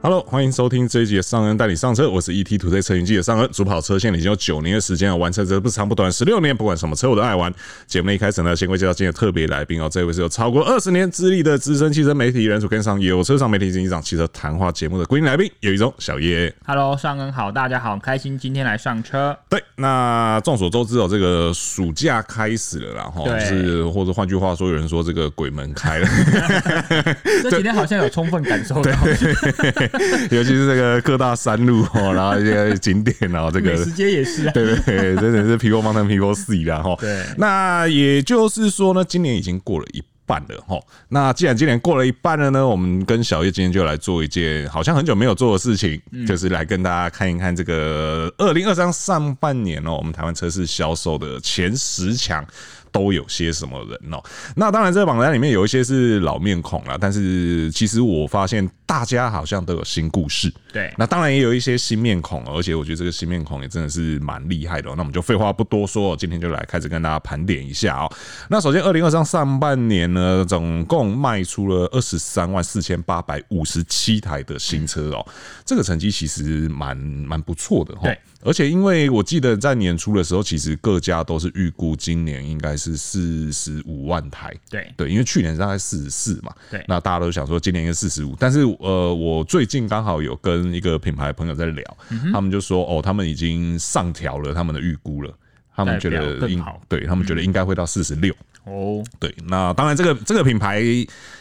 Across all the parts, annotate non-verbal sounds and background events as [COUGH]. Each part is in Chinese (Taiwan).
Hello，歡迎收聽這一集的尚恩帶你上車。我是 ETtoday 車雲記的尚恩，主跑車線已經有九年的時間了，玩車這不長不短，十六年。不管什麼車我都愛玩。節目一開始呢，先回介紹今天特別來賓哦，這位是有超過二十年資歷的資深汽車媒體人，主跟上有車賞媒體執行長，汽車談話節目的固定來賓，葉毓中小葉。Hello，尚恩好，大家好，開心今天來上車。對，那眾所周知哦，這個暑假開始了啦，然後對、哦就是，或者換句話說，有人說這個鬼門開了。這幾天好像有充分感受到。 [LAUGHS] 尤其是這個各大山路，然後一些景點，然後這個 [LAUGHS] 時間也是、啊， [LAUGHS] 對不對，對， [LAUGHS] 真的是皮膚方 p 皮膚四一 u 哈。對，那也就是說呢，今年已經過了一半了哈。那既然今年過了一半了呢，我們跟小月今天就來做一件好像很久沒有做的事情，就是來跟大家看一看這個二零二三上半年哦，我們台灣車市銷售的前十強。都有些什麼人哦？那當然，這個榜單裡面有一些是老面孔了，但是其實我發現大家好像都有新故事。對，那當然也有一些新面孔，而且我覺得這個新面孔也真的是蠻厲害的哦。那我們就廢話不多說，今天就來開始跟大家盤點一下哦。那首先，二零二三上半年呢，總共賣出了二十三萬四千八百五十七台的新車哦，這個成績其實蠻蠻不錯的哦，對，而且因為我記得在年初的時候，其實各家都是預估今年應該。是四十五萬台，對對，因為去年大概四十四嘛，對，那大家都想說今年應該四十五，但是呃，我最近剛好有跟一個品牌朋友在聊，嗯哼，他們就說哦，他們已經上調了他們的預估了，他們覺得應，對，他們覺得應該會到四十六。嗯哦，oh. 對，那當然，這個這個品牌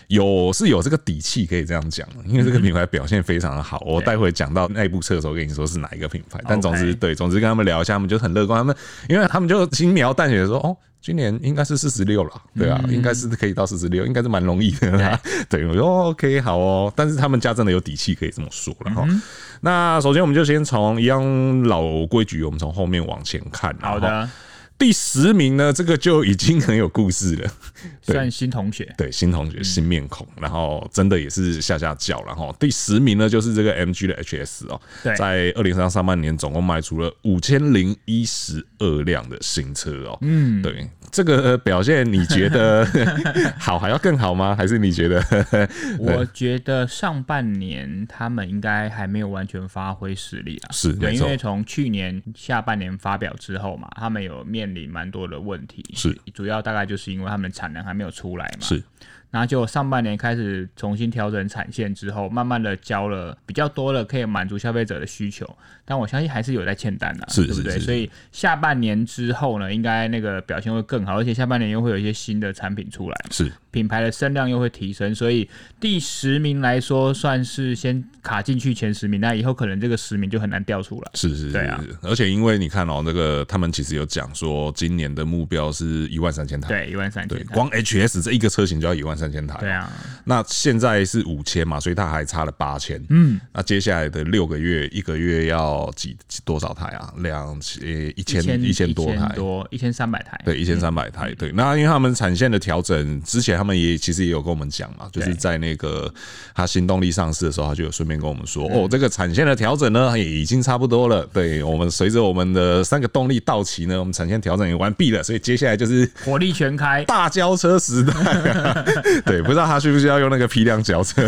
有是有這個底氣可以這樣講，因為這個品牌表現非常的好。Mm hmm. 我待會講到那一部車的時候跟你說是哪一個品牌，Okay. 但總之對，總之跟他們聊一下，他們就很樂觀。他們因為他們就輕描淡寫的說，哦，今年應該是四十六了，對啊，mm hmm. 應該是可以到四十六，應該是蠻容易的啊。Mm hmm. 對，我說，哦，OK，好哦。但是他們家真的有底氣可以這麼說了哈。Mm hmm. 那首先，我們就先從一樣老規矩，我們從後面往前看。好的。第十名呢，這個就已經很有故事了。嗯、對算新同學，對，新同學、新面孔，嗯、然後真的也是嚇嚇叫，然後第十名呢，就是這個 MG 的 HS 哦、喔，對在二零二三上半年總共賣出了五千零一十二輛的新車哦、喔。嗯，對，這個表現你覺得 [LAUGHS] [LAUGHS] 好還要更好嗎？還是你覺得？ [LAUGHS] 對我覺得上半年他們應該還沒有完全發揮實力啊。是，對，因為從去年下半年發表之後嘛，他們有面。蠻多的問題，是，主要大概就是因為他們產能還沒有出來嘛。是。然後就上半年開始重新調整產線之後，慢慢的交了比較多了，可以滿足消費者的需求。但我相信還是有在欠單的，是對不對？是是是是，所以下半年之後呢，應該那個表現會更好，而且下半年又會有一些新的產品出來，是，是品牌的聲量又會提升。所以第十名來說，算是先卡進去前十名。那以後可能這個十名就很難掉出來。是是是，對啊。而且因為你看哦，那個他們其實有講說，今年的目標是一萬三千台，對，一萬三千台。光 HS 這一個車型就要一萬三。千台對啊，那、嗯嗯、現在是五千嘛，所以他還差了八千。嗯，那接下來的六個月，一個月要幾，幾多少台啊？兩千一千一千多台多一千三百台，對一千三百台。對，那因為他們產線的調整，之前他們也其實也有跟我們講嘛，就是在那個他新動力上市的時候，他就有順便跟我們說，哦，這個產線的調整呢，也已經差不多了。對，我們隨着我們的三個動力到齊呢，我們產線調整也完畢了，所以接下來就是火力全開大交車時代、啊。對，不知道他需不需要用那個批量交車，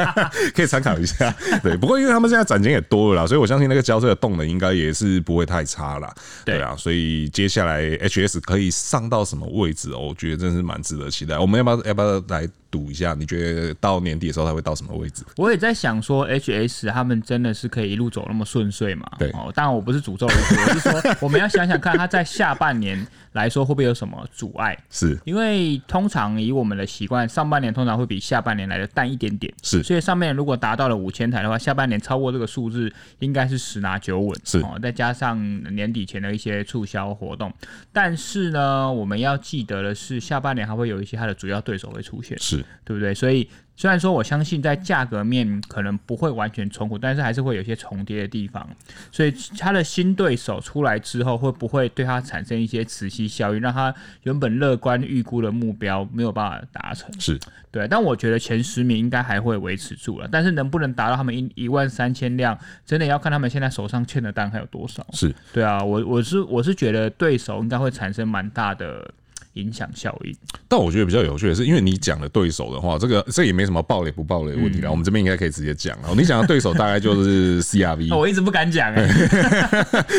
[LAUGHS] 可以參考一下。對，不過因為他們現在展間也多了啦，所以我相信那個交車的動能應該也是不會太差啦。對，對啊，所以接下來 HS 可以上到什麼位置哦，我覺得真是蠻值得期待。我們要不要要不要來？賭一下，你覺得到年底的時候它會到什麼位置？我也在想說，HS 他們真的是可以一路走那麼順遂嘛。對哦，當然我不是詛咒， [LAUGHS] 我是說我們要想想看，它在下半年來說會不會有什麼阻礙？是，因為通常以我們的習慣，上半年通常會比下半年來的淡一點點。是，所以上面如果達到了五千台的話，下半年超過這個數字應該是十拿九穩。是哦，再加上年底前的一些促銷活動，但是呢，我們要記得的是，下半年還會有一些它的主要對手會出現。是。對不對？所以雖然說我相信在價格面可能不會完全重合，但是還是會有些重疊的地方。所以他的新對手出來之後，會不會對他產生一些磁吸效應，讓他原本樂觀預估的目標沒有辦法達成？是，對。但我覺得前十名應該還會維持住了，但是能不能達到他們一一萬三千輛，真的要看他們現在手上欠的單還有多少。是對啊，我我是我是覺得對手應該會產生蠻大的。影響效應，但我覺得比較有趣的是，因為你講的對手的話，這個這也沒什麼暴雷不暴雷問題了、啊。嗯、我們這邊應該可以直接講了。你講的對手大概就是 CR-V， [LAUGHS] 我一直不敢講哎，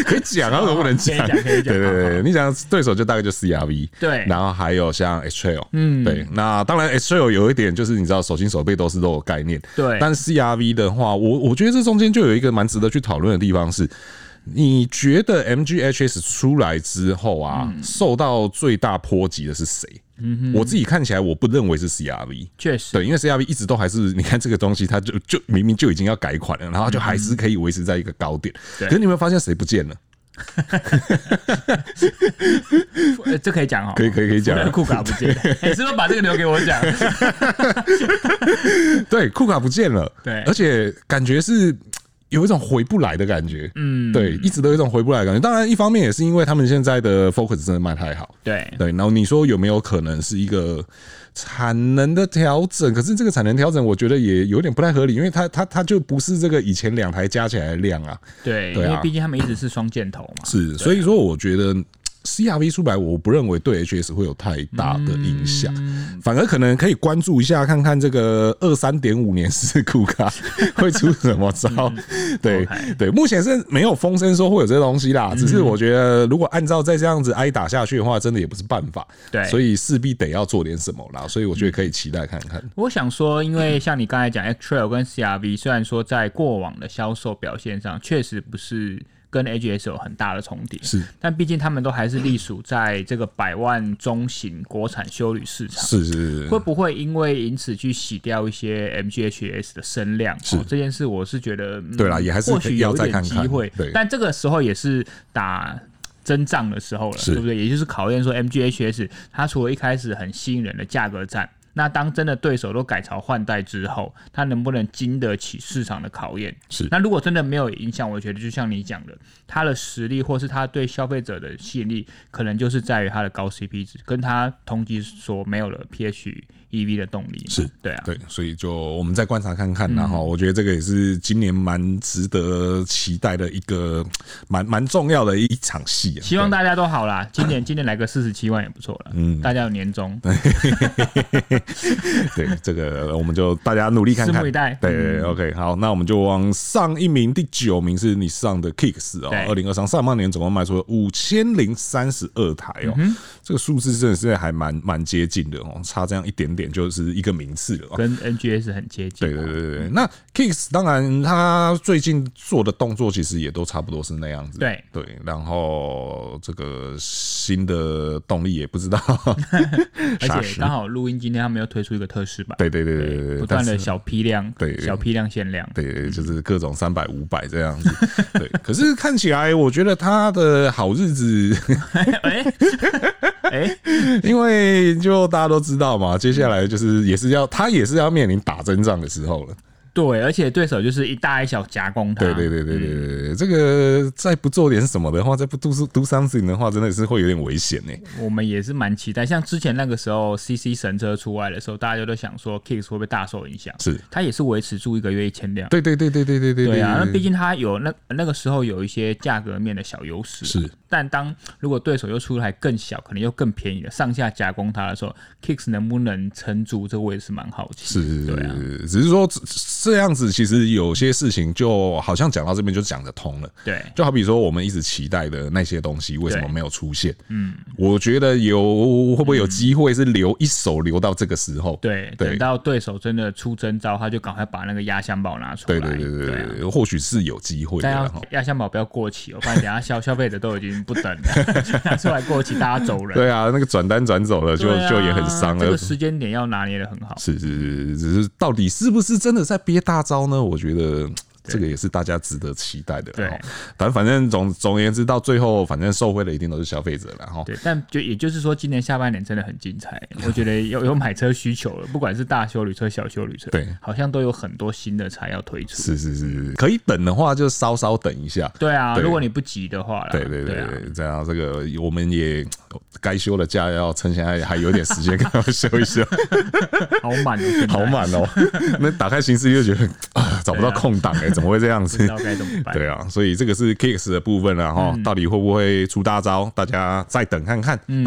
可以講，但是不能講，可以講，對對對，你講對手就大概就 CR-V，對，對 然後還有像 X-Trail，嗯，對，那當然 X-Trail 有一點就是你知道手心手背都是肉概念，對，但 CR-V 的話，我我覺得這中間就有一個蠻值得去討論的地方是。你覺得 M G H S 出來之後啊，受到最大波及的是誰？我自己看起來，我不認為是 C R V。確確實，對，因為 C R V 一直都還是，你看這個東西，它就就明明就已經要改款了，然後就還是可以維持在一個高點。可是你們有沒有發現誰不見了？對 [LAUGHS] 這可以講哦，可以可以可以講。庫卡不見了，你是不是把這個留給我講？對，庫卡不見了，對，而且感覺是。有一種回不來的感覺，嗯，對，一直都有一種回不來的感覺。當然，一方面也是因為他們現在的 Focus 真的賣太好，對對。然後你說有沒有可能是一個產能的調整？可是這個產能調整，我覺得也有點不太合理，因為它它它就不是這個以前兩台加起來的量啊，對，對啊、因為畢竟他們一直是雙箭頭嘛，是。所以說，我覺得。CRV 出來，我不認為對 HS 會有太大的影響，嗯，反而可能可以關注一下，看看這個二三點五年式庫卡會出什麼招， [LAUGHS] 嗯。對 Okay. 對，目前是沒有風聲說會有這東西啦。嗯，只是我覺得如果按照再這樣子挨打下去的話，真的也不是辦法。對，所以勢必得要做點什麼啦，所以我覺得可以期待看看，嗯。我想說，因為像你剛才講 [LAUGHS] X Trail 跟 CRV，雖然說在過往的銷售表現上確實不是。跟 AGS 有很大的重疊，是，但畢竟他們都還是隸屬在這個百萬中型國產休旅市場，是是是，是，會不會因為因此去洗掉一些 MGHS 的聲量？是、哦、這件事，我是覺得、嗯、對啦，也還是要再看看，或許有點機會看看，對。但這個時候也是打真仗的時候了，對，是對不對？也就是考驗說 MGHS 它除了一開始很吸引人的價格戰。那當真的對手都改朝換代之後，他能不能經得起市場的考驗？是。那如果真的沒有影響，我覺得就像你講的，他的實力或是他對消費者的吸引力，可能就是在於他的高 CP 值，跟他同級所沒有的 PHEV 的動力。是。對啊。對，所以就我們再觀察看看，嗯、然後我覺得這個也是今年蠻值得期待的一個蠻蠻重要的一場戲、啊。希望大家都好啦。今年今年來個四十七萬也不錯了。嗯，大家有年終。 [LAUGHS] [LAUGHS] 對，這個我們就大家努力看看，拭目以待，對、嗯、，OK，好，那我們就往上一名，第九名是 Nissan 的 Kicks 哦，二零二三上半年總共賣出了五千零三十二台哦。嗯這個數字真的是還蠻蠻接近的哦，差這樣一點點就是一個名次了。跟 MG HS 很接近哦。對對對對，那 Kicks 當然他最近做的動作其實也都差不多是那樣子。對對，然後這個新的動力也不知道。 [LAUGHS] 而且剛好錄音今天他們又推出一個特仕版。對對對對對，不斷的小批量，對小批量限量，對，對，對就是各種三百五百這樣子。 [LAUGHS] 對，可是看起來我覺得他的好日子、 [LAUGHS] 欸，哎。 [LAUGHS] 哎，欸、因為就大家都知道嘛，接下來就是也是要他也是要面臨打針仗的時候了。對，而且對手就是一大一小夾攻他。對對對對對對，嗯、這個再不做點什麼的話，再不 do do something 的話，真的是會有點危險呢、欸。我們也是蠻期待，像之前那個時候 CC 神車出來的時候，大家都想說 Kicks 會不會大受影響？是，他也是維持住一個月一千輛。對對對對對對對。對啊，那畢竟他有那那個時候有一些價格面的小優勢、啊。是。但當如果對手又出來更小，可能又更便宜的上下夾攻他的時候，Kicks 能不能撐住這個也是蠻好奇。是是只是說這樣子其實有些事情就好像講到這邊就講得通了。對，就好比說我們一直期待的那些東西為什麼沒有出現？嗯，我覺得有會不會有機會是留一手留到這個時候？對，等到對手真的出真招，他就趕快把那個壓箱寶拿出來。對對對對對，或許是有機會的。壓箱寶不要過期，我發現等下消消費者都已經。不等， [LAUGHS] 出來過期，大家走人。 [LAUGHS] 對啊，那個轉單轉走了，就、啊、就也很傷了。這個時間點要拿捏的很好。是，是是是，只是到底是不是真的在憋大招呢？我覺得。這個也是大家值得期待的。對，反正反正總總而言之，到最後反正受惠的一定都是消費者了哈。對，但就也就是說，今年下半年真的很精彩。我覺得有有買車需求了，不管是大休旅車、小休旅車，對，好像都有很多新的車要推出。是是是是，可以等的話，就稍稍等一下。對啊，如果你不急的話。對對對，這樣這個我們也該休的假要趁現在還有點時間，要修一修。好滿，好滿哦。那打開形式又覺得啊找不到空檔哎。怎麼會這樣子？對啊，所以這個是 Kicks 的部分了哈。到底會不會出大招？大家再等看看嗯。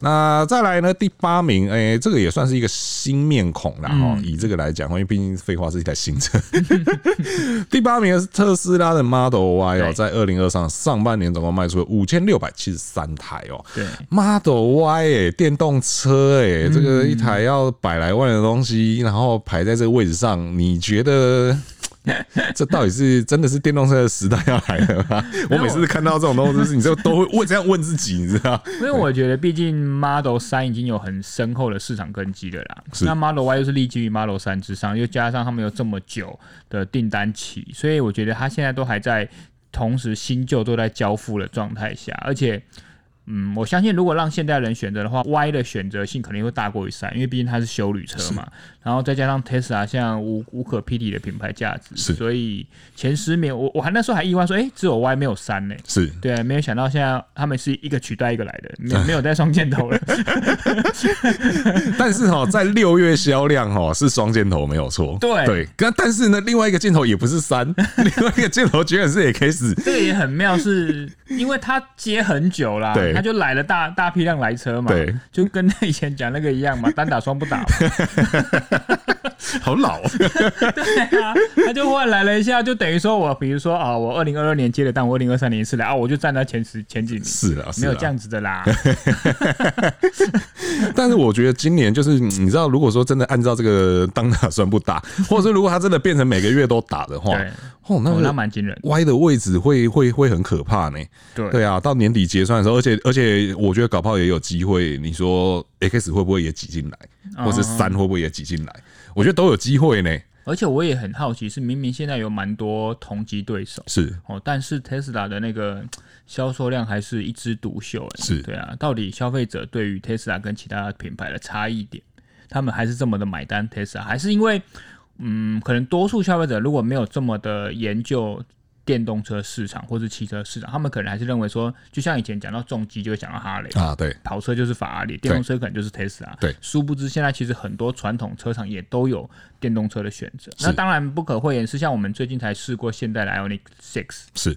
那再來呢？第八名，哎，這個也算是一個新面孔了哈。以這個來講，因為畢竟廢話是一台新車。第八名是特斯拉的 Model Y 哦，在二零二三上半年總共賣出了五千六百七十三台哦。Model Y 哎、欸，電動車哎、欸，這個一台要百來萬的東西，然後排在這個位置上，你覺得？ [LAUGHS] 這到底是真的是電動車的時代要來了嗎？我每次看到這種東西，你就都會問這樣問自己，你知道嗎？ [LAUGHS] 因為我覺得，畢竟 Model 3已經有很深厚的市場根基了啦。那 Model Y 又是立基於 Model 3之上，又加上他們有這麼久的訂單期，所以我覺得他現在都還在同時新舊都在交付的狀態下，而且。嗯，我相信如果讓現代人選擇的話，Y 的選擇性肯定會大過於三，因為畢竟它是休旅車嘛。是然後再加上 Tesla 像無無可匹敵的品牌價值，是所以前十名我我還那時候還意外說，哎、欸，只有 Y 沒有三呢、欸。是對、啊，沒有想到現在他們是一個取代一個來的，沒有沒有帶雙箭頭了。 [LAUGHS] [LAUGHS] 但是哈、喔，在六月銷量哈、喔、是雙箭頭沒有錯。對對，但但是呢，另外一個箭頭也不是三， [LAUGHS] 另外一個箭頭居然是 S。這個也很妙是，是因為它接很久啦。對。他就來了大大批量來車嘛，對就跟他以前講那個一樣嘛，單打雙不打， [LAUGHS] 好老啊、哦， [LAUGHS] 對啊，他就忽然來了一下，就等於說我比如說啊、哦，我二零二二年接了單，我二零二三年一次來啊、哦，我就站在前十前幾年，是啊，是啦，沒有這樣子的啦。 [LAUGHS] [LAUGHS] 但是我覺得今年就是你知道，如果說真的按照這個單打雙不打，或者說如果他真的變成每個月都打的話。哦，那蠻驚人。歪的位置會會會很可怕呢。對對啊，到年底結算的時候，而且而且，我覺得搞不好也有機會。你說 X 會不會也擠進來，嗯、或是三會不會也擠進來？我覺得都有機會呢。而且我也很好奇，是明明現在有蠻多同級對手，是哦，但是 Tesla 的那個銷售量還是一枝獨秀、欸。是，對啊，到底消費者對於 Tesla 跟其他品牌的差異點，他們還是這麼的買單 Tesla，還是因為？嗯，可能多數消費者如果沒有這麼的研究電動車市場或是汽車市場，他們可能還是認為說，就像以前講到重機，就會講到哈雷啊，對，跑車就是法拉利，電動車可能就是 Tesla，對。對殊不知，現在其實很多傳統車廠也都有電動車的選擇。對那當然不可諱言，是像我們最近才試過現代的 Ioniq 6，是。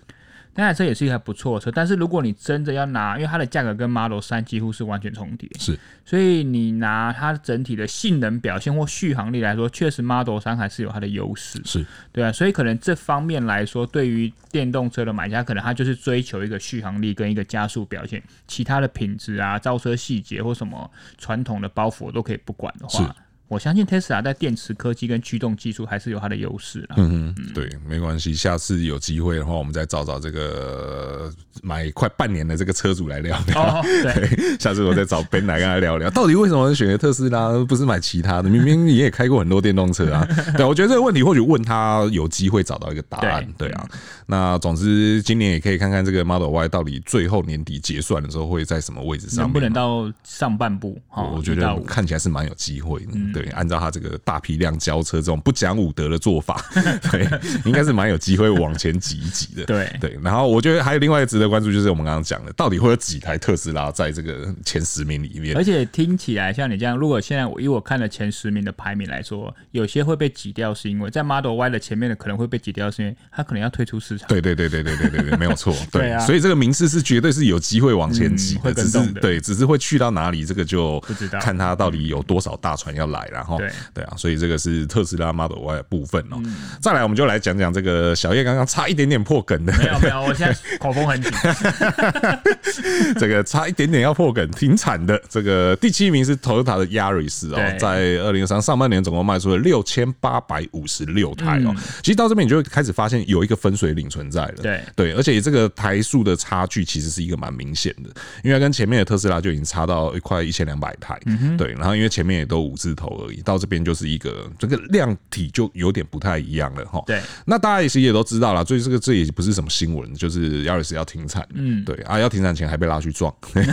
那台車也是一台不錯的車，但是如果你真的要拿，因為它的價格跟 Model 3幾乎是完全重疊，是，所以你拿它整體的性能表現或續航力來說，確實 Model 3還是有它的優勢，是對啊，所以可能這方面來說，對於電動車的買家，可能他就是追求一個續航力跟一個加速表現，其他的品質啊、造車細節或什麼傳統的包袱，我都可以不管的話。我相信特斯拉在電池科技跟驅動技術還是有它的優勢啦。嗯哼、嗯。對，沒關係，下次有機會的話，我們再找找這個買快半年的這個車主來聊聊，哦。對，下次我再找 Ben 來跟他聊聊， [LAUGHS] 到底為什麼選擇特斯拉，不是買其他的？明明你也開過很多電動車啊。對，我覺得這個問題或許問他有機會找到一個答案。對，對啊，那總之今年也可以看看這個 Model Y 到底最後年底結算的時候會在什麼位置上能不能到上半部？我、哦、我覺得一到五，我看起來是蠻有機會的。對，按照他這個大批量交車這種不講武德的做法，對， [LAUGHS] 應該是蠻有機會往前擠一擠的。對對，然後我覺得還有另外一個值得關注，就是我們剛剛講的，到底會有幾台特斯拉在這個前十名裡面？而且聽起來像你這樣，如果現在我以我看了前十名的排名來說，有些會被擠掉，是因為在 Model Y 的前面的可能會被擠掉，是因為它可能要退出市場。對對對對對對對對，沒有錯。對， [LAUGHS] 對啊，所以這個名次是絕對是有機會往前擠的，嗯，的。只是對，只是會去到哪裡，這個就看他到底有多少大船要來。然後對對啊，所以這個是特斯拉 Model Y 的部分喔。再來，我們就來講講這個小葉剛剛差一點點破梗的，沒有沒有，我現在口風很緊。 [LAUGHS] 這個差一點點要破梗，挺慘的。這個第七名是 Toyota 的 Yaris 喔，在二零二三上半年總共賣出了六千八百五十六台喔。其實到這邊你就會開始發現有一個分水嶺存在了，對對，而且這個台數的差距其實是一個蠻明顯的，因為跟前面的特斯拉就已經差到快一千兩百台。對，然後因為前面也都五字頭而已，到這邊就是一個這個量體就有點不太一樣了哈。對，那大家也其實也都知道了，所以這個這也不是什麼新聞，就是 Yaris 要停產，嗯，對啊，要停產前還被拉去撞，嗯、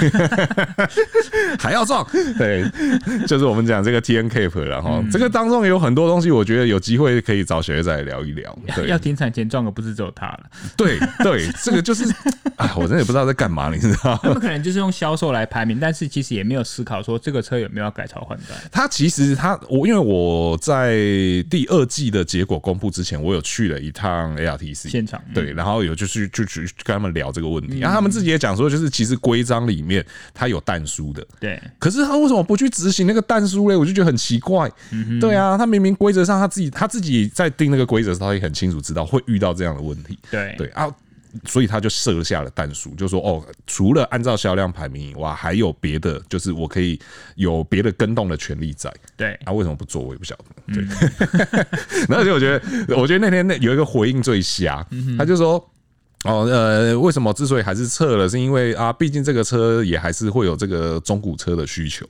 [LAUGHS] 還要撞， [LAUGHS] 對，就是我們講這個 T-NCAP 然後這個當中有很多東西，我覺得有機會可以找小葉再聊一聊。對，要停產前撞的不是只有他了，對對，這個就是我真的也不知道在幹嘛，你知道嗎？ [LAUGHS] 他們可能就是用銷售來排名，但是其實也沒有思考說這個車有沒有要改朝換代。他其實。他我，因為我在第二季的結果公布之前，我有去了一趟 ARTC 現場，嗯、對，然後有就是就去跟他們聊這個問題，然後、嗯啊、他們自己也講說，就是其實規章裡面他有但書的，對，可是他為什麼不去執行那個但書嘞？我就覺得很奇怪，嗯、哼對啊，他明明規則上他自己他自己在定那個規則的時候，他也很清楚知道會遇到這樣的問題，對對啊。所以他就設下了但書，就說哦，除了按照銷量排名以外，還有別的，就是我可以有別的更動的權利在。對，啊，為什麼不做？我也不曉得。對、嗯，然後就我覺得，我覺得那天那有一個回應最瞎，他就說哦，呃，為什麼之所以還是撤了，是因為啊，畢竟這個車也還是會有這個中古車的需求。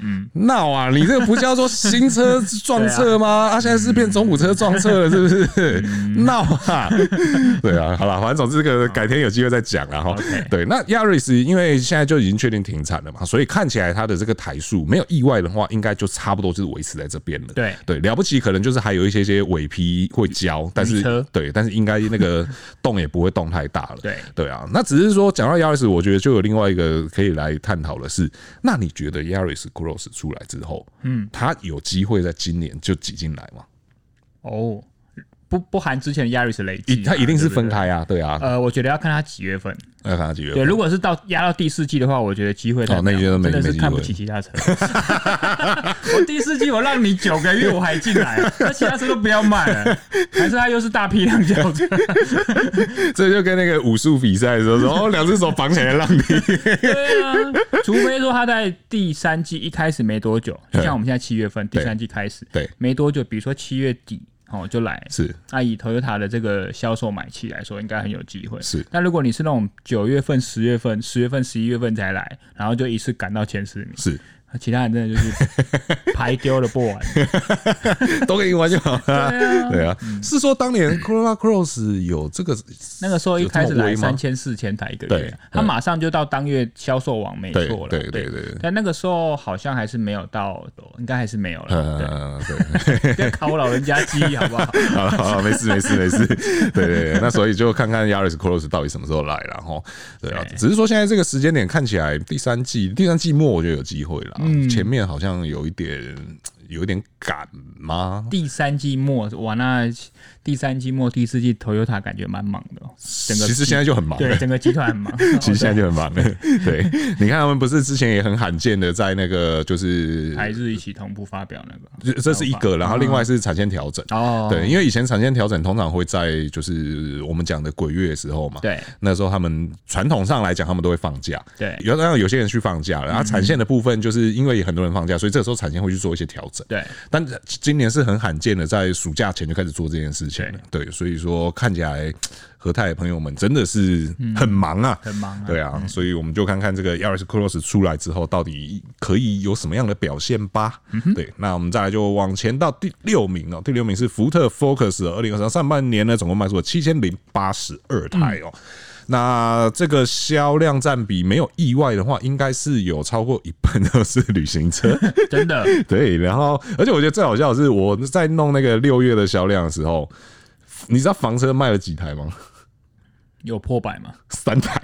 嗯，鬧、no、啊！你這個不叫做新車撞車嗎？啊，啊現在是變中古車撞車了，是不是？鬧哈、嗯 no 啊，對啊，好了，反正總之這個改天有機會再講了哈。Okay. 對，那亞瑞斯因為現在就已經確定停產了嘛，所以看起來它的這個台數沒有意外的話，應該就差不多就是維持在這邊了。對對，了不起，可能就是還有一些些尾批會交，停車。但是對，但是應該那個動也不會動太大了。對對啊，那只是說講到亞瑞斯，我覺得就有另外一個可以來探討的是，那你覺得亞瑞斯？Rose 出來之後，嗯，他有機會在今年就擠進來嗎？嗯、哦。不不含之前的 Yaris 累積他、啊、一定是分開啊，對，對，對啊。呃，我覺得要看他幾月份，要看他幾月份。對，如果是到壓到第四季的話，我覺得機會他、哦、那邊真的是看不起其他車。 [LAUGHS] [LAUGHS] 我第四季我讓你九個月我還進來，那其他車都不要賣了。還是他又是大批量交車，這 [LAUGHS] [LAUGHS] 就跟那個武術比賽的時候說，兩、哦、隻手綁起來讓你。 [LAUGHS] 對啊，除非說他在第三季一開始沒多久，就像我們現在七月份對第三季開始，對，沒多久，比如說七月底。哦，就來。是。那、啊、以 Toyota 的這個銷售買氣來說，應該很有機會。是。那如果你是那種九月份、十月份、十月份、十一月份才來，然後就一次趕到前十名，是。其他人真的就是牌丟了不完， [LAUGHS] 都給你玩就好。 [LAUGHS] 對啊、嗯，啊、是說當年 Corolla Cross 有這個，那個時候一開始來三千四千台一個、啊、對，對，他馬上就到當月銷售王沒錯。了對對對，對，但那個時候好像還是沒有到，應該還是沒有了。對對，對， [LAUGHS] 要考我老人家記憶好不好？啊，沒事沒事沒事。對對，對，那所以就看看 Yaris Cross 到底什麼時候來，然後對啊，只是說現在這個時間點看起來第三季第三季末我就有機會了。前面好像有一點。有點趕嗎？第三季末哇，那第三季末、第四季 Toyota 感覺蠻忙的哦。整個其實現在就很忙，對，整個集團很忙。 [LAUGHS] 其實現在就很忙，哦。對，對對你看他們不是之前也很罕見的在那個就是台日一起同步發表那個，這這是一個，然後另外是產線調整，啊，哦。對，因為以前產線調整通常會在就是我們講的鬼月的時候嘛。對，那時候他們傳統上來講他們都會放假。對，然後有，有些人去放假，然後產線的部分就是因為很多人放假，嗯，所以這個時候產線會去做一些調整。對，但今年是很罕見的，在暑假前就開始做這件事情了對。對，所以說看起來和泰的朋友們真的是很忙啊，嗯、很忙、啊。對啊，嗯、所以我們就看看這個 Yaris Cross 出來之後，到底可以有什麼樣的表現吧。嗯、哼對，那我們再來就往前到第六名哦，第六名是福特 Focus，二零二三上半年呢總共賣出了七千零八十二台哦。嗯那這個銷量占比沒有意外的話，應該是有超過一半都是旅行車，真的。 [LAUGHS] 對，然後而且我覺得最好笑的是，我在弄那個六月的銷量的時候，你知道房車賣了幾台嗎？有破百嗎？三台。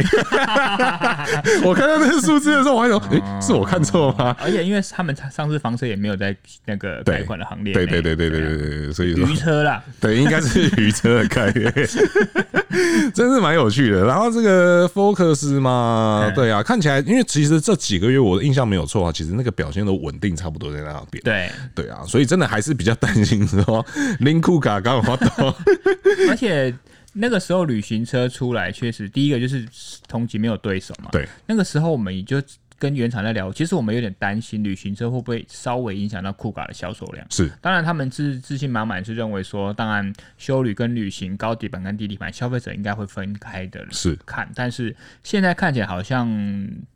[LAUGHS] [LAUGHS] 我看到那個數字的時候，我還說誒是我看錯嗎？哦、而且因為他們上次房車也沒有在那個改款的行列。對對對對對對對,對樣。所以說。餘車啦。對，應該是餘車的概念。 [LAUGHS] [LAUGHS] 真是蠻有趣的。然後這個 Focus 嘛，對啊，看起來，因為其實這幾個月我的印象沒有錯啊，其實那個表現都穩定，差不多在那邊。對對啊，所以真的還是比較擔心，說吧？林庫卡剛有發到，而且。那個時候旅行車出來，確實第一個就是同級沒有對手嘛。對，那個時候我們也就。跟原廠在聊，其實我們有點擔心旅行車會不會稍微影響到 Kuga 的銷售量。是，當然他們自自信滿滿，是認為說，當然休旅跟旅行、高底盤跟低底盤，消費者應該會分開的是看。是，但是現在看起來，好像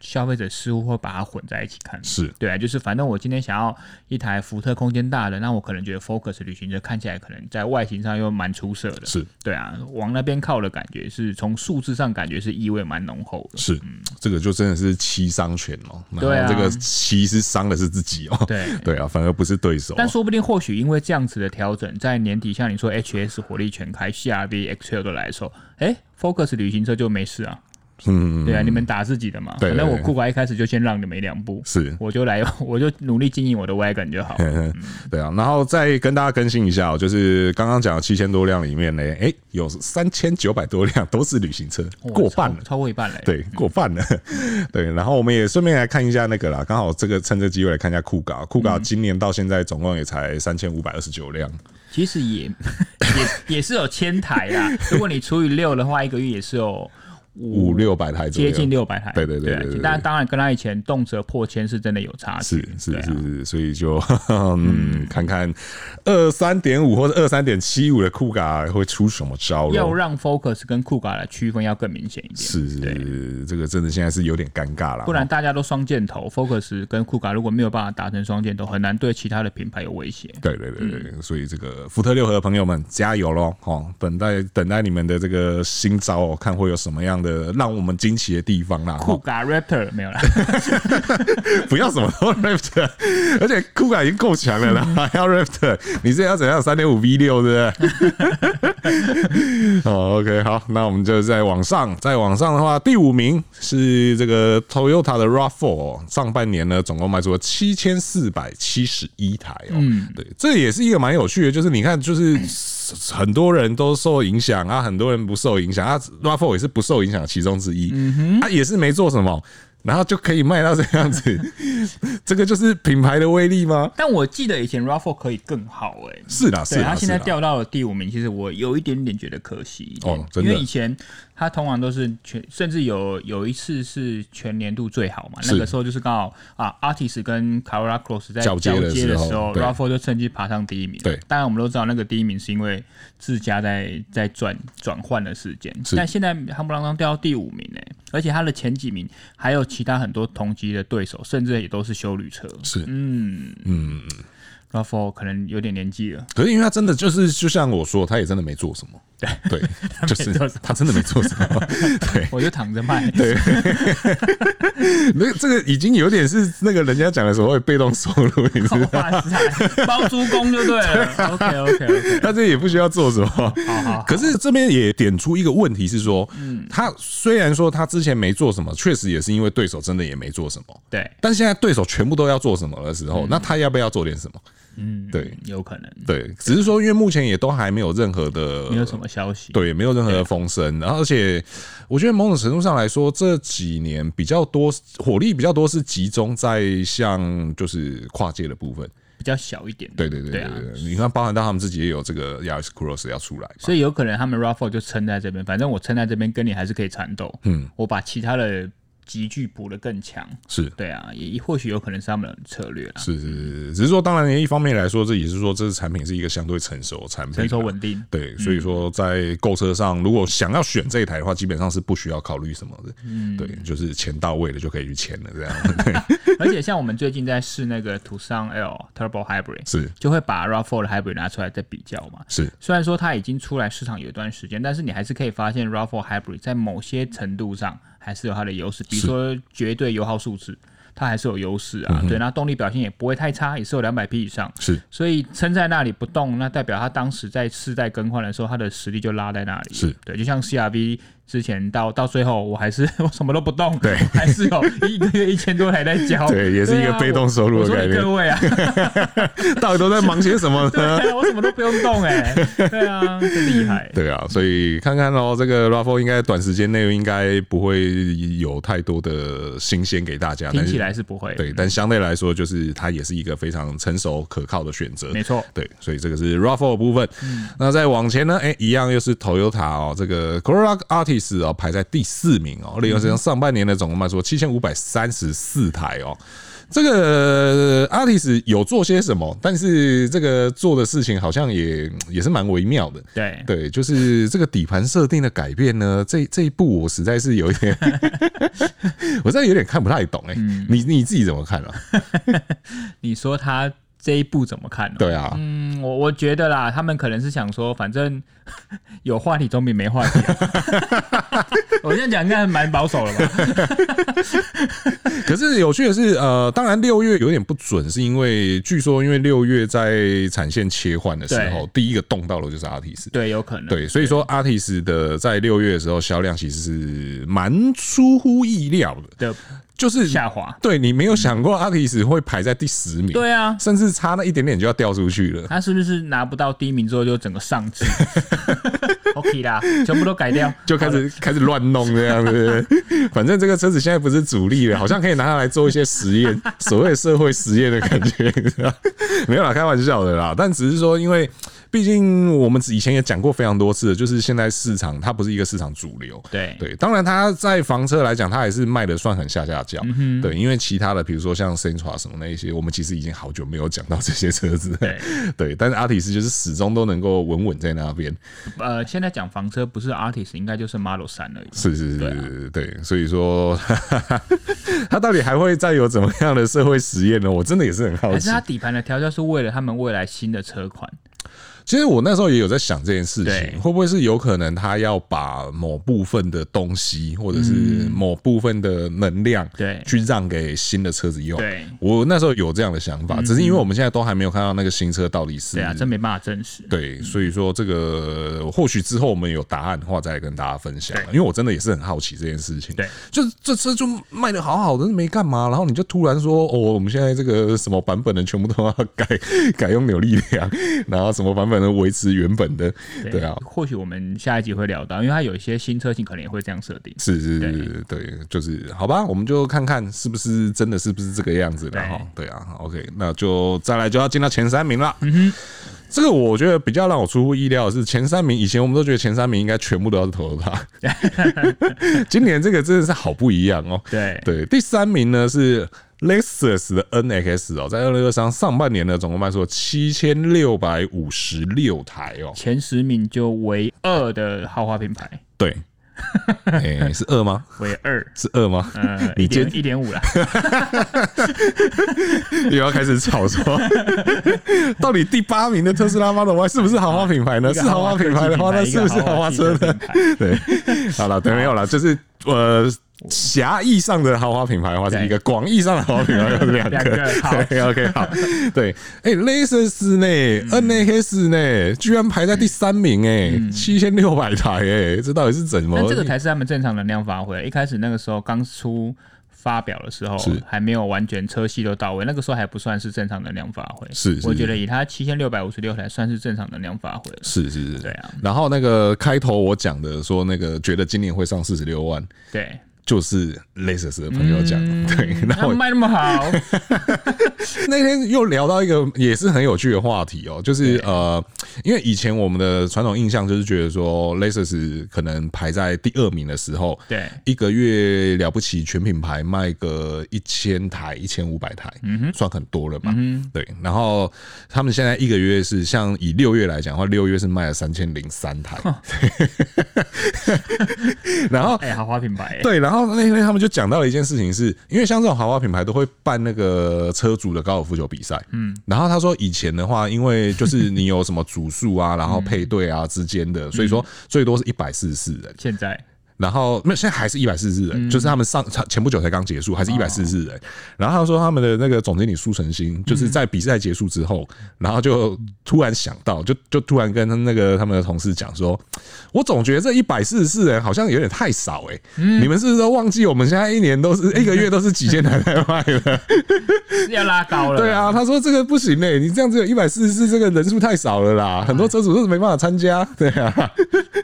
消費者似乎會把它混在一起看。是，對啊，就是反正我今天想要一台福特空間大的，那我可能覺得 Focus 旅行車看起來可能在外形上又蠻出色的。是，對啊，往那邊靠的感覺，是從數字上感覺是意味蠻濃厚的。是，嗯，這個就真的是七傷拳。對啊，這個其實傷的是自己哦、喔啊。對對啊，反而不是對手。但說不定或許因為這樣子的調整，在年底像你說 HS 火力全開，CR-V、X-Trail 都來的時候，誒、欸、Focus 旅行車就沒事啊。嗯，對啊，你們打自己的嘛，可能我 Kuga 一開始就先讓你們兩步，是，我就來，我就努力經營我的 Wagon 就好了。 [LAUGHS] 對啊，然後再跟大家更新一下，就是剛剛講的七千多輛裡面呢，哎、欸，有三千九百多輛都是旅行車，哇過半了超，超過一半了。對，過半了，嗯、對。然後我們也順便來看一下那個啦，剛好這個趁這機會來看一下 Kuga、嗯，Kuga 今年到現在總共也才三千五百二十九輛，其實也也也是有千台啦， [LAUGHS] 如果你除以六的話，一個月也是有。五六百台，接近六百台，對對對，但當然，跟他以前動輒破千，是真的有差距是。是是是，是所以就呵呵嗯，看看二三點五或者二三點七五的 Kuga 會出什麼招，要讓 Focus 跟 Kuga 來區分，要更明顯一點。是是對是，是，這個真的現在是有點尷尬了。不然大家都雙箭頭，Focus 跟 Kuga 如果沒有辦法達成雙箭頭，很難對其他的品牌有威脅。嗯、對對對對，所以這個福特六和的朋友們加油嘍！哈，等待等待你們的這個新招、喔、看會有什麼樣。呃，讓我們驚奇的地方啦，Kuga Raptor 沒有啦 [LAUGHS] 不要什麼都 Raptor，而且 Kuga 已經夠強了啦，嗯、還要 Raptor？你這要怎樣？三點五 V 六對不對？哦 [LAUGHS] ，OK，好，那我們就再往上，再往上的話，第五名是這個 Toyota 的 RAV4，、哦、上半年呢總共賣出了七千四百七十一台哦，嗯、對，這也是一個蠻有趣的，就是你看，就是很多人都受影響啊，很多人不受影響啊，RAV4 也是不受影。其中之一，他、嗯哼啊、也是沒做什麼，然後就可以賣到這樣子， [LAUGHS] [LAUGHS] 這個就是品牌的威力嗎？但我記得以前 RAV4 可以更好哎、欸，是的啦，對是啦他現在掉到了第五名，啦其實我有一點點覺得可惜哦，真的因為以前。他通常都是全，甚至有有一次是全年度最好嘛。是那個時候就是剛好啊，Altis 跟 Corolla Cross 在交接的時候對，RAV4 就趁機爬上第一名。對，當然我們都知道那個第一名是因為自家在在轉轉換的時間。是但現在他們啷剛掉到第五名呢、欸，而且他的前幾名還有其他很多同級的對手，甚至也都是休旅車。是，嗯嗯 RAV4 可能有點年紀了。可是因為他真的就是，就像我說，他也真的沒做什麼。對，就是他真的沒做什麼。對，我就躺着賣。對，那這個已經有點是那個人家講的時候會被動收入，你知道嗎？包租公就對了。OK，OK，OK。他這也不需要做什麼。好，可是這邊也點出一個問題是說，嗯，他雖然說他之前沒做什麼，確實也是因為對手真的也沒做什麼。對，但現在對手全部都要做什麼的時候，那他要不要做點什麼？嗯，對，有可能，對，只是說，因為目前也都還沒有任何的，啊、沒有什麼消息，對，沒有任何的風聲，啊、然後而且，我覺得某種程度上來說，這幾年比較多火力比較多是集中在像就是跨界的部分，比較小一點，對對對對、啊、你看，包含到他們自己也有這個 Yaris Cross 要出來，所以有可能他們 RAV4 就撐在這邊，反正我撐在這邊，跟你還是可以纏鬥，嗯，我把其他的。急劇補得更強，是，對啊，也或許有可能是他們的策略啦。是是是，只是說當然，一方面來說，這也是說，這次產品是一個相對成熟產品，成熟穩定。對，所以說在購車上，如果想要選這一台的話，基本上是不需要考慮什麼的。嗯，對，就是錢到位了就可以去簽了這樣。 [LAUGHS] 對 [LAUGHS] 而且像我們最近在試那個途尚 L Turbo Hybrid，是就會把 RAV4 的 Hybrid 拿出來再比較嘛。是，雖然說它已經出來市場有一段時間，但是你還是可以發現 RAV4 Hybrid 在某些程度上。還是有它的優勢，比如說絕對油耗數值，是它還是有優勢啊。嗯、哼對，那動力表現也不會太差，也是有兩百匹以上。是，所以撐在那裡不動，那代表它當時在世代更換的時候，它的實力就拉在那裡。是對，就像 CRV。之前到到最後，我還是我什麼都不動，對，還是有一個月一千多台在交，對，也是一個被動收入的概念。各位啊， [LAUGHS] 到底都在忙些什麼呢對、啊？我什麼都不用動哎、欸，對啊，厲害。對啊，所以看看哦，這個 RAV4 應該短時間內應該不會有太多的新鮮給大家，聽起來是不會是。對，但相對來說，就是它也是一個非常成熟可靠的選擇。沒錯、嗯，對，所以這個是 RAV4 部分。嗯、那再往前呢？哎、欸，一樣又是 Toyota 哦，這個 Corolla ALTIS。歷史哦，排在第四名哦，另外是上半年的總共賣出七千五百三十四台哦。這個 ALTIS 有做些什麼？但是這個做的事情好像也也是蠻微妙的，對對，就是這個底盤設定的改變呢，這一這一步我實在是有一點， [LAUGHS] [LAUGHS] 我真的有點看不太懂哎、欸，嗯、你你自己怎麼看了、啊？ [LAUGHS] 你說他？這一步怎麼看呢？對啊，嗯，我我覺得啦，他們可能是想說，反正有話題總比沒話題，啊。 [LAUGHS] [LAUGHS] 我現在講應該蠻保守了吧？ [LAUGHS] 可是有趣的是，呃，當然六月有點不準，是因為據說因為六月在產線切換的時候，對第一個動到的就是阿提斯。對，有可能。對，所以說阿提斯的在六月的時候銷量其實是蠻出乎意料的。對就是下滑，對，你沒有想過 ALTIS 會排在第十名、嗯，對啊，甚至差那一點點就要掉出去了。他是不是拿不到第一名之後就整個上去 [LAUGHS] ？OK 啦，全部都改掉，就開始了開始亂弄這樣子。對對 [LAUGHS] 反正這個車子現在不是主力了，好像可以拿它來做一些實驗， [LAUGHS] 所謂社會實驗的感覺。 [LAUGHS] [LAUGHS] 沒有啦，開玩笑的啦。但只是說，因為。畢竟我們以前也講過非常多次的，就是現在市場它不是一個市場主流，對對。當然，它在房車來講，它也是賣得算很嚇嚇叫，嗯、哼對。因為其他的，比如說像 Sentra 什麼那一些，我們其實已經好久沒有講到這些車子，對，對。但是阿提斯就是始終都能夠穩穩在那邊。呃，現在講房車不是阿提斯，應該就是 Model 3而已。是是是，是對、啊，對。所以說，它到底還會再有怎麼樣的社會實驗呢？我真的也是很好奇。但是它底盤的調教，是為了他們未來新的車款？其實我那時候也有在想這件事情，會不會是有可能他要把某部分的東西，或者是某部分的能量，對，去讓給新的車子用？對，我那時候有這樣的想法，只是因為我們現在都還沒有看到那個新車到底是，對啊，真沒辦法證實。對，所以說這個或許之後我們有答案的話，再跟大家分享。因為我真的也是很好奇這件事情。對，就這車就賣的好好的，沒幹嘛，然後你就突然說，哦，我們現在這個什麼版本的全部都要改改用扭力梁，然後什麼版本，可能維持原本的對啊，對，或許，我們下一集會聊到，因為它有一些新車型可能也會這樣設定。是是是，對，對，就是好吧，我們就看看是不是真的，是不是這個樣子的哈。對，對啊，OK，那就再來就要進到前三名了。嗯哼，這個我覺得比較讓我出乎意料的是前三名。以前我們都覺得前三名應該全部都要是 Toyota [LAUGHS] [LAUGHS] [LAUGHS] 今年這個真的是好不一樣哦，喔。對對，第三名呢是。Lexus 的 NX 哦，在二零二三上半年呢，總共賣出了七千六百五十六台哦，前十名就唯二的豪華品牌，對，哎、欸，是二嗎？唯二是二嗎？嗯、呃，已經接一,一點五了， [LAUGHS] 又要開始炒作， [LAUGHS] 到底第八名的特斯拉 Model Y 是不是豪華品牌呢？是豪華品牌的話、啊啊，那是不是豪華車呢？對，好了，等於沒有了，就是我。呃狹義上的豪華品牌的話是一個，廣義上的豪華品牌有兩個。好，OK，好，對，哎，Lexus 呢，NX 呢，居然排在第三名，哎，七千六百台，哎，這到底是怎麼？那這個才是他們正常能量發揮。一開始那個時候剛出發表的時候，還沒有完全車系都到位，那個時候還不算是正常能量發揮。是，我覺得以它七千六百五十六台算是正常能量發揮。是是是，對啊。然後那個開頭我講的說那個覺得今年會上四十六萬，對。就是 l a 蕾 s 的朋友講，嗯、對，然後賣那麼好。 [LAUGHS] [LAUGHS] [LAUGHS] 那天又聊到一個也是很有趣的話題哦、喔，就是呃，因為以前我們的傳統印象就是覺得說，Lexus 可能排在第二名的時候，對，一個月了不起，全品牌賣個一千台、一千五百台，嗯哼，算很多了嘛。對，然後他們現在一個月是像以六月來講的話，六月是賣了三千零三台，哦、 [LAUGHS] 然後哎，豪華品牌，對，然後那天他們就講到了一件事情，是因為像這種豪華品牌都會辦那個車主。的高爾夫球比賽，嗯，然後他說以前的話，因為就是你有什麼組數啊，然後配對啊之間的，所以說最多是一百四十四人。嗯，現在。然後，沒有，現在還是一百四十四人，嗯、就是他們上前不久才剛結束，還是一百四十四人。哦、然後他說他們的那個總經理蘇成新，就是在比賽結束之後，嗯、然後就突然想到，就就突然跟那個他們的同事講說：“我總覺得這一百四十四人好像有點太少哎、欸，嗯、你們是不是都忘記我們現在一年都是 [LAUGHS] 一個月都是幾千台在賣了？ [LAUGHS] 要拉高了。”對啊，他說這個不行呢、欸，你這樣只有一百四十四這個人數太少了啦，很多車主都是沒辦法參加，對啊。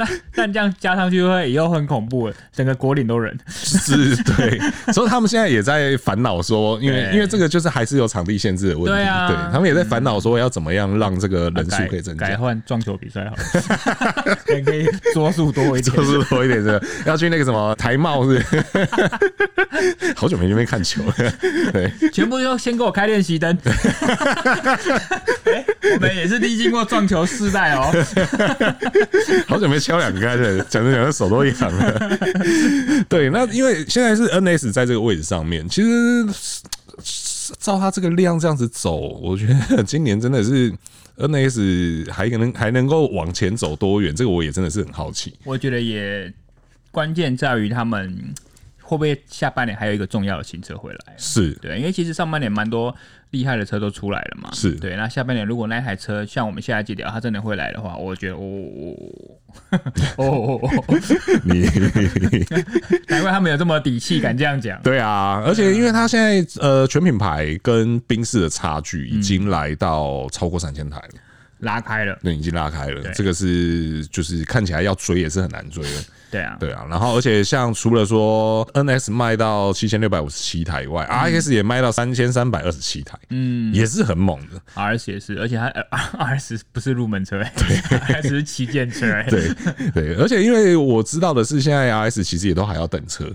[LAUGHS] 但但這樣加上去會以後很恐怖。恐怖了，整個國嶺都忍。是對，所以他們現在也在煩惱說，因為對因為這個就是還是有場地限制的問題。對，啊、對，他們也在煩惱說要怎麼樣讓這個人數可以增加，換、嗯啊、撞球比賽好了， [LAUGHS] 可以桌數多一點，桌數多一點的，要去那個什麼台帽是是？ [LAUGHS] 好久沒那邊看球了，對，全部都先給我開練習燈。我們也是歷經過撞球世代哦， [LAUGHS] 好久沒敲兩桿了，講着講着手都癢了。 [LAUGHS] 對，那因為現在是 NS 在這個位置上面，其實照他這個量這樣子走，我覺得今年真的是 NS 還可能還能夠往前走多遠，這個我也真的是很好奇。我覺得也關鍵在於他們會不會下半年還有一個重要的新車回來、啊，是對，因為其實上半年蠻多。厲害的車都出來了嘛？是。對，那下半年如果那台車像我們下一季聊，它真的會來的話，我覺得哦哦，哦,哦 [LAUGHS] 你難怪 [LAUGHS] 他們有這麼底氣敢這樣講。對啊，而且因為他現在呃，全品牌跟賓士的差距已經來到超過三千台了。嗯拉開了，那已經拉開了。這個是就是看起來要追也是很難追的。對啊，對啊。然後而且像除了說 NX 賣到七千六百五十七台以外，RX 也賣到三千三百二十七台，嗯，也是很猛的。RX 也是，而且還 RX 不是入門車，欸，對，欸，還是旗艦車。對對，而且因為我知道的是，現在 RX 其實也都還要等車。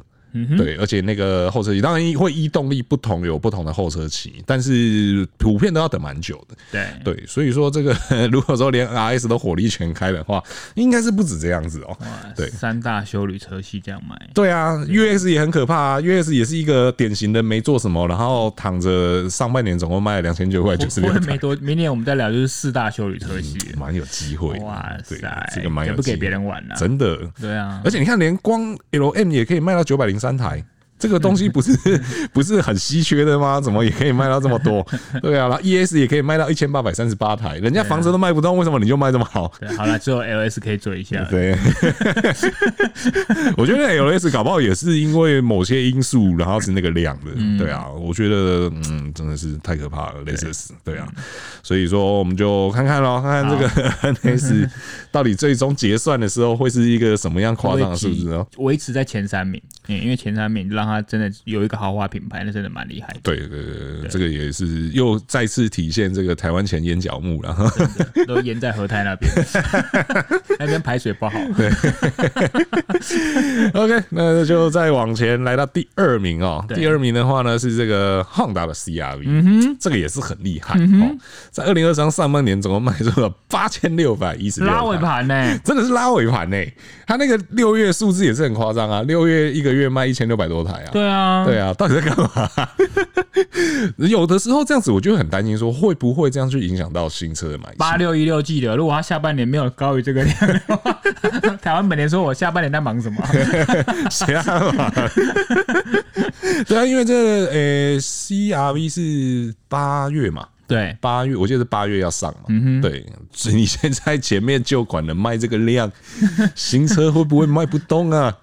對，而且那個後車漆當然會依動力不同有不同的後車漆，但是普遍都要等蠻久的。對對，所以說這個如果說連 RS 都火力全開的話，應該是不止這樣子哦。對，三大休旅車系這樣賣。對啊，UX 也很可怕啊 UX 也是一個典型的沒做什麼，然後躺着上半年總共賣了兩千九百九十多，明年我們再聊，就是四大休旅車系，蠻有機會。哇塞，這個蠻有。不給別人玩了，真的。對啊，而且你看，連光 LM 也可以賣到九百零三台。這個東西不是不是很稀缺的嗎？怎麼也可以賣到這麼多？對啊，然後 E S 也可以賣到一千八百三十八台，人家房車都賣不動，為什麼你就賣這麼好？對，好了，最後 L S 可以做一下對。對， [LAUGHS] 我覺得 L S 搞不好也是因為某些因素，然後是那個量的。對啊，嗯、我覺得嗯，真的是太可怕了，L S 對。 對啊，所以說我們就看看嘍，看看這個 L S, 好 到底最終結算的時候會是一個什麼樣誇張，是不是？維持在前三名，嗯、因為前三名讓。他真的有一個豪華品牌，那真的蠻厲害的。對，對，對，對這個也是又再次體現這個台灣前眼角木了，都淹在河台那邊， [LAUGHS] [LAUGHS] 那邊排水不好對。 [LAUGHS] OK，那就再往前來到第二名哦。對第二名的話呢是這個 Honda 的 CRV，、嗯、哼這個也是很厲害。嗯哼哦、在二零二三上半年總共賣出了八千六百一十六台，拉尾盤呢、欸，真的是拉尾盤呢、欸。他那個六月數字也是很誇張啊，六月一個月賣一千六百多台。對啊，對啊，到底在幹嘛、啊？ [LAUGHS] 有的時候這樣子，我就很擔心，說會不會這樣去影響到新車的買？八六一六記得，如果它下半年沒有高於這個的話， [LAUGHS] 台灣本田說，我下半年在忙什麼？誰啊，忙、 [LAUGHS] [LAUGHS] 啊？因為這呃、個欸、，CRV 是八月嘛。對，八月我記得是八月要上嘛。嗯、哼對，所以你現在前面舊款能賣這個量，新車會不會賣不動啊？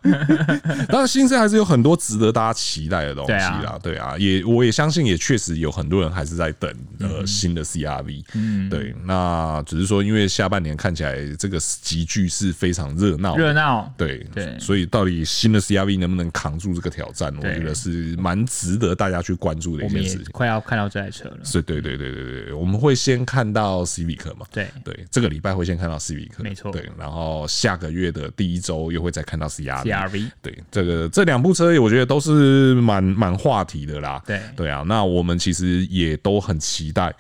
但 [LAUGHS] 是新車還是有很多值得大家期待的東西啦。對啊，對啊，也我也相信，也確實有很多人還是在等呃新的 CRV、嗯哼。嗯。對，那只是說因為下半年看起來這個集聚是非常熱鬧，熱鬧鬧。對對，對所以到底新的 CRV 能不能扛住這個挑戰？我覺得是蠻值得大家去關注的一件事情。快要看到這台車了。是，對對對。對，對對，我們會先看到 Civic 嘛？對對，這個禮拜會先看到 Civic，沒錯。對，然後下個月的第一周又會再看到 C R V。C R V，對，這個這兩部車，我覺得都是蠻蠻話題的啦。對，對啊，那我們其實也都很期待，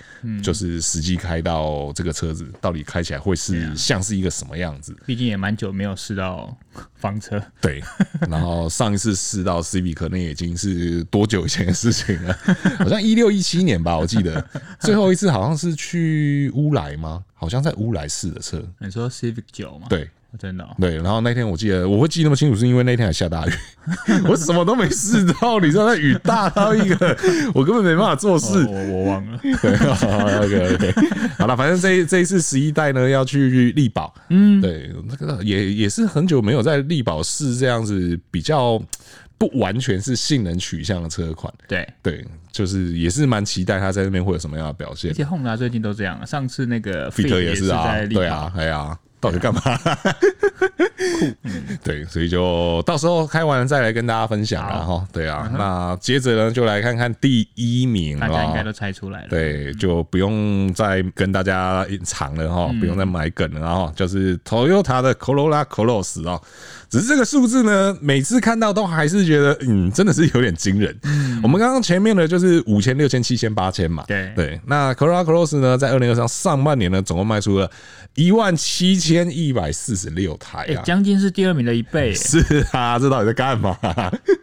就是實際開到這個車子，到底開起來會是像是一個什麼樣子？畢竟也蠻久沒有試到房車。對，然後上一次試到 Civic，那已經是多久以前的事情了？好像一六一七年吧，我記得。最後一次好像是去烏來嗎？好像在烏來試的車。你說 Civic 九嗎？對，真的。對，然後那天我記得我會記那麼清楚，是因為那天還下大雨，我什麼都沒試到，你知道那雨大到一個，我根本沒辦法做事。我我忘了，啊。對，啊，OK，okay，好了，反正這這一次十一代呢，要去麗寶，嗯，對，那個也也是很久沒有在麗寶試這樣子比較不完全是性能取向的車款。對對。就是也是蠻期待他在那邊會有什麼樣的表現，而且 Honda、啊、最近都這樣，上次那個 Fit 也是，啊，也是啊，對啊，哎呀。到底幹嘛、啊？哈哈哈對，所以就到時候開完再來跟大家分享了哈。對啊，嗯、哼那接着呢，就來看看第一名啊、喔，大家應該都猜出來了。對，就不用再跟大家隱藏了哈、喔，嗯、不用再埋梗了哈、喔。就是 Toyota 的 Corolla Cross 哦、喔，只是這個數字呢，每次看到都還是覺得嗯，真的是有點驚人。嗯、我們剛剛前面呢，就是五千、六千、七千、八千嘛，對對。那 Corolla Cross 呢，在二零二三上半年呢，總共賣出了一萬七千。千一百四十六台，哎，將近是第二名的一倍。是啊，這到底在幹嘛？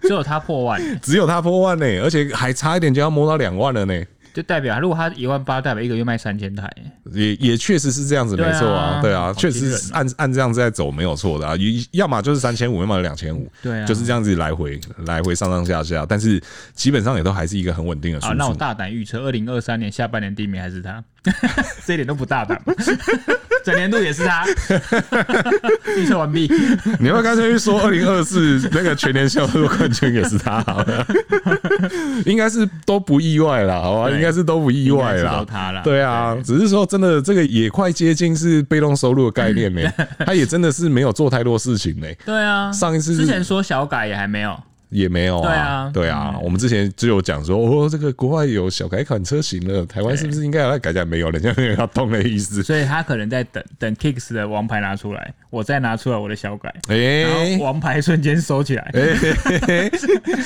只有他破萬，只有他破萬呢，而且還差一點就要摸到兩萬了呢。就代表，如果他一萬八，代表一個月賣三千台，也也確實是這樣子，沒錯啊，對啊，確實是按按這樣子在走，沒有錯的啊。一要麼就是三千五，要麼就兩千五，對啊，就是這樣子來回來回上上下下，但是基本上也都還是一個很穩定的。啊，那我大膽預測，二零二三年下半年第一名還是他。 [LAUGHS] 這一點都不大膽，整年度也是他預測 [LAUGHS] [LAUGHS] 完畢。你們剛才說二零二四那個全年銷售冠軍也是他，好了，應該是都不意外了，好吧、啊？應該是都不意外了，對啊，只是說真的，這個也快接近是被動收入的概念呢、欸。他也真的是沒有做太多事情呢。對啊，上一次之前說小改也還沒有。也沒有啊，對啊，對啊對，我們之前只有講說，哦，這個國外有小改款車型了，台灣是不是應該要改？改沒有，人家沒有要動的意思。所以他可能在等等 Kicks 的王牌拿出來，我再拿出來我的小改，欸、然後王牌瞬間收起來。哎、欸欸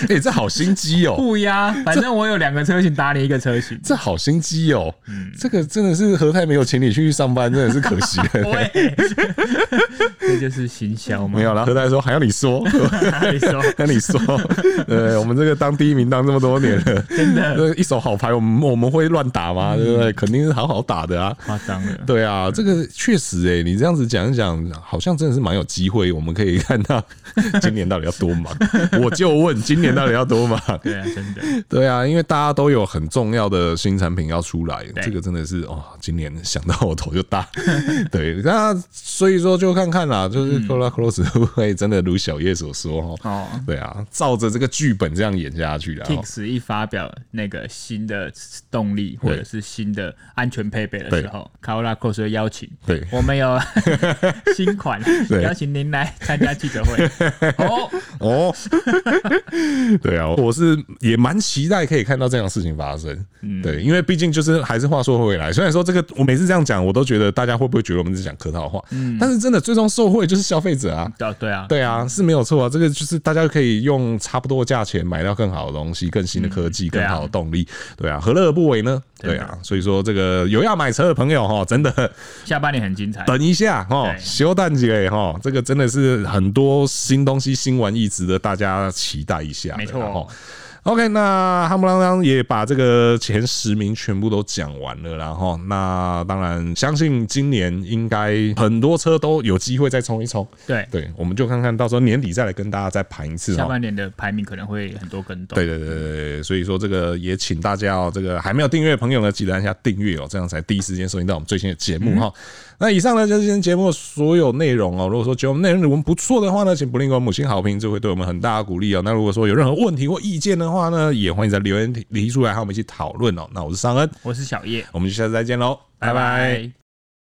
欸，這好心機哦、喔！不呀，反正我有兩個車型打你一個車型。這，這好心機哦、喔，嗯、這個真的是何太沒有請你去上班，真的是可惜了。這就是行銷嗎？沒有啦。何太說還要你說，還要你說。對，我們這個當第一名當這麼多年了，一手好牌，我們我們會亂打嗎？對不對？肯定是好好打的啊，誇張的對啊，這個確實哎，你這樣子講一講，好像真的是蠻有機會。我們可以看到今年到底要多忙，我就問今年到底要多忙？對啊，真的，對啊，因為大家都有很重要的新產品要出來，這個真的是哦，今年想到我頭就大。對，那所以說就看看啦，就是 Corolla Cross 會不會真的如小葉所說哦？對啊。照着這個劇本這樣演下去啊即使一發表那個新的動力或者是新的安全配備的時候，卡羅拉 Cross 的邀請，對，我們有新款，邀請您來參加記者會。哦哦，對啊，我是也蠻期待可以看到這樣的事情發生。對，因為畢竟就是還是話說回來，雖然說這個我每次這樣講，我都覺得大家會不會覺得我們是講客套話？嗯，但是真的最終受惠就是消費者啊，對啊，對啊，是沒有錯啊。這個就是大家可以用。差不多價錢買到更好的東西，更新的科技，嗯啊、更好的動力，對啊，何樂而不為呢？對啊，所以說這個有要買車的朋友哈，真的下半年很精彩。等一下，修蛋姐，這個真的是很多新東西新一直、新玩意值得大家期待一下，沒錯錯 OK，那哈姆拉張也把這個前十名全部都講完了啦，齁，然後那當然相信今年應該很多車都有機會再衝一衝。對對，我們就看看到時候年底再來跟大家再盤一次，下半年的排名可能會很多更多。對對對對對，所以說這個也請大家哦、喔，這個還沒有訂閱的朋友呢，記得按下訂閱哦，這樣才第一時間收聽到我們最新的節目哈。嗯那以上呢，就是今天節目所有內容哦。如果說節目內容我們不錯的話呢，請不吝給我們五星好評，這會對我們很大的鼓勵哦。那如果說有任何問題或意見的話呢，也歡迎在留言提出來，和我們一起討論哦。那我是尚恩，我是小葉，我們就下次再見嘍，拜拜。